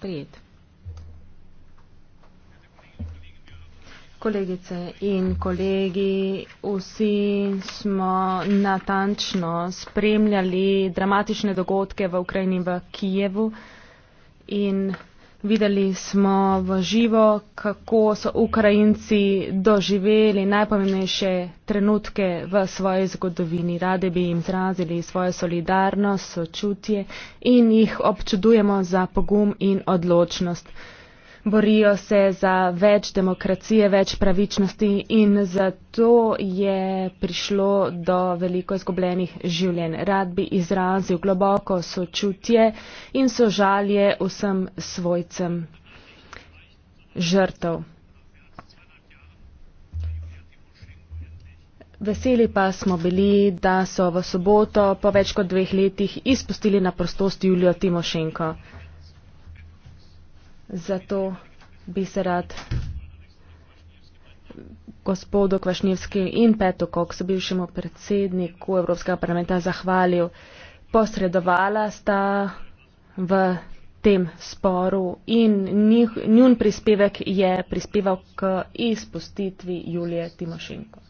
sprejet. Kolegice in kolegi, vsi smo natančno spremljali dramatične dogodke v Ukrajini in v Kijevu in Videli smo v živo, kako so Ukrajinci doživeli najpomembnejše trenutke v svoji zgodovini. Radi bi jim izrazili svojo solidarnost, sočutje in jih občudujemo za pogum in odločnost borijo se za več demokracije, več pravičnosti in zato je prišlo do veliko izgubljenih življenj. Rad bi izrazil globoko sočutje in sožalje vsem svojcem žrtev. Veseli pa smo bili, da so v soboto po več kot dveh letih izpustili na prostost Julijo Timošenko. Zato bi se rad gospodu Kvašnjevski in Petu Koksu, bivšemu predsedniku Evropskega parlamenta, zahvalil. Posredovala sta v tem sporu in njih, njun prispevek je prispeval k izpustitvi Julije Timošenko.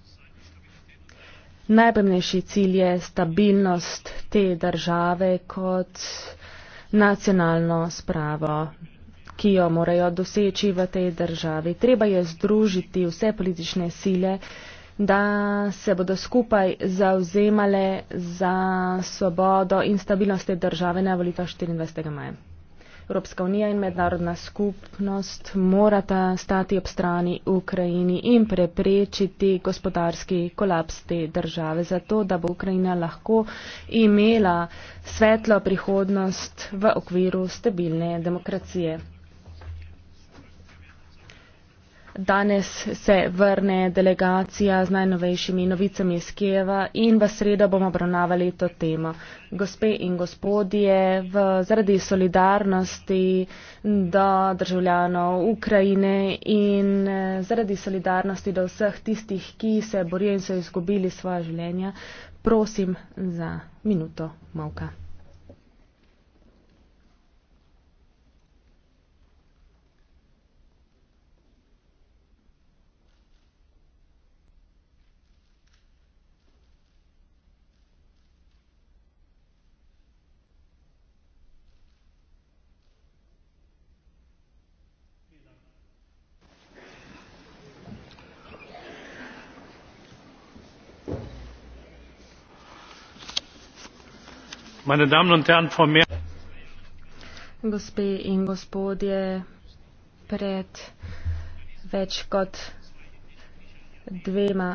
Najpomembnejši cilj je stabilnost te države kot nacionalno spravo ki jo morajo doseči v tej državi. Treba je združiti vse politične sile, da se bodo skupaj zauzemale za svobodo in stabilnost te države na volitev 24. maja. Evropska unija in mednarodna skupnost morata stati ob strani Ukrajini in preprečiti gospodarski kolaps te države, zato da bo Ukrajina lahko imela svetlo prihodnost v okviru stabilne demokracije danes se vrne delegacija z najnovejšimi novicami iz Kijeva in v sredo bomo obravnavali to temo. Gospe in gospodje, v, zaradi solidarnosti do državljanov Ukrajine in eh, zaradi solidarnosti do vseh tistih, ki se borijo in so izgubili svoje življenja, prosim za minuto molka. Gospe in gospodje, pred več kot dvema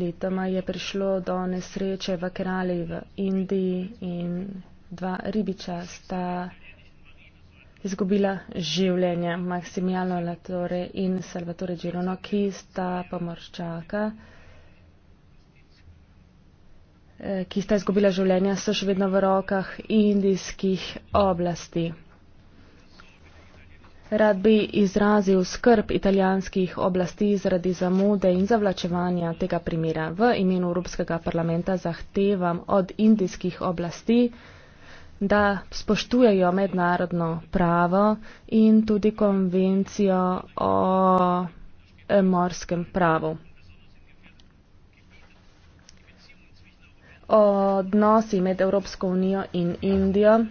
letoma je prišlo do nesreče v Kerali v Indiji in dva ribiča sta izgubila življenje, Maximiano Latore in Salvatore Girono, ki sta pomorščaka. Eh, ki sta izgubila življenja, so še vedno v rokah indijskih oblasti. Rad bi izrazil skrb italijanskih oblasti zaradi zamude in zavlačevanja tega primera. V imenu Evropskega parlamenta zahtevam od indijskih oblasti, da spoštujejo mednarodno pravo in tudi konvencijo o eh, morskem pravu. odnosi med Evropsko unijo in Indijo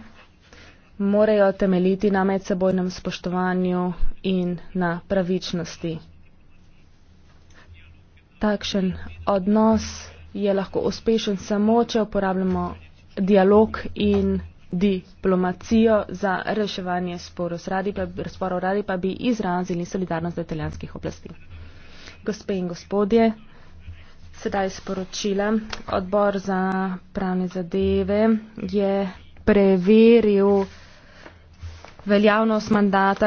morajo temeljiti na medsebojnem spoštovanju in na pravičnosti. Takšen odnos je lahko uspešen samo, če uporabljamo dialog in diplomacijo za reševanje sporov. Radi pa, sporo radi pa bi izrazili solidarnost do italijanskih oblasti. Gospe in gospodje, Sedaj sporočila. Odbor za pravne zadeve je preveril veljavnost mandata.